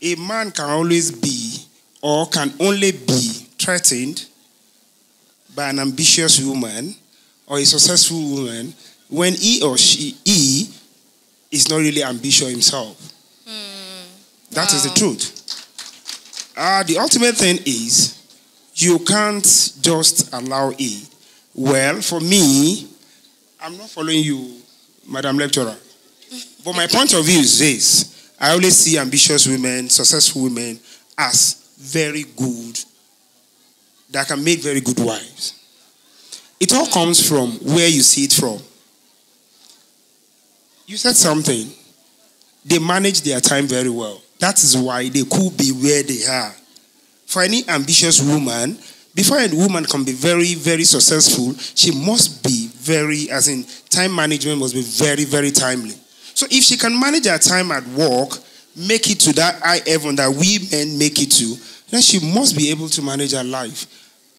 a man can always be or can only be threatened by an ambitious woman or a successful woman when he or she he is not really ambitious himself. Mm. That wow. is the truth. Uh, the ultimate thing is you can't just allow it. Well, for me, I'm not following you, Madam Lecturer. But my point of view is this I always see ambitious women, successful women, as very good, that can make very good wives. It all comes from where you see it from. You said something. They manage their time very well. That is why they could be where they are. For any ambitious woman, before a woman can be very, very successful, she must be very, as in time management must be very, very timely. So if she can manage her time at work, make it to that high heaven that we men make it to, then she must be able to manage her life.